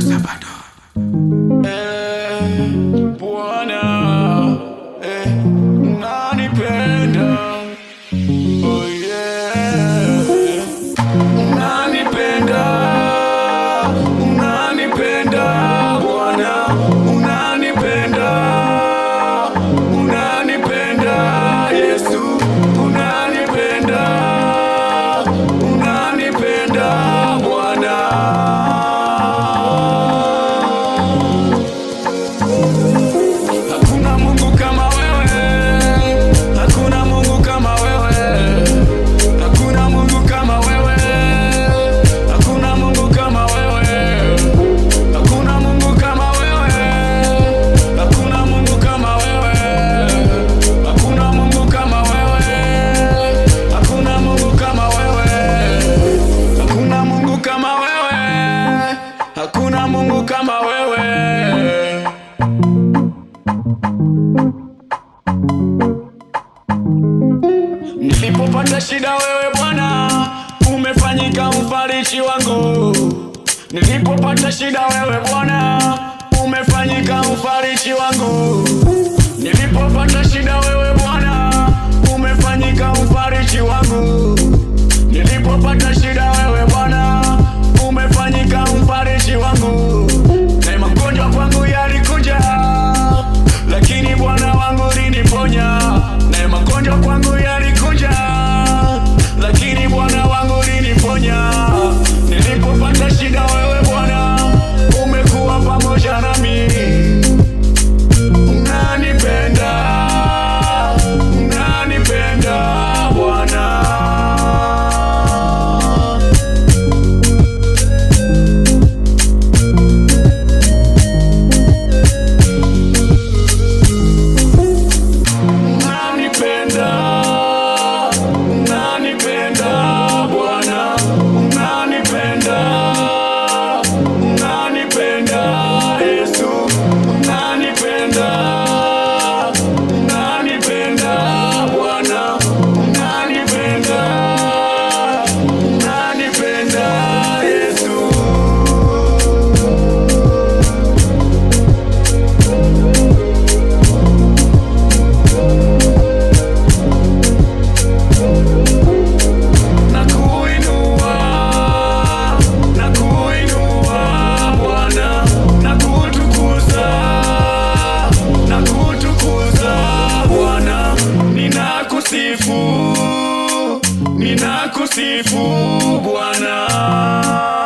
Salvador. Eh. kama wewe. Nilipopata shida, wewe Bwana umefanyika mfarishi wangu. Nilipopata shida, wewe Bwana umefanyika mfarishi wangu. Nilipopata shida, wewe Cuando ya ninakusifu Bwana.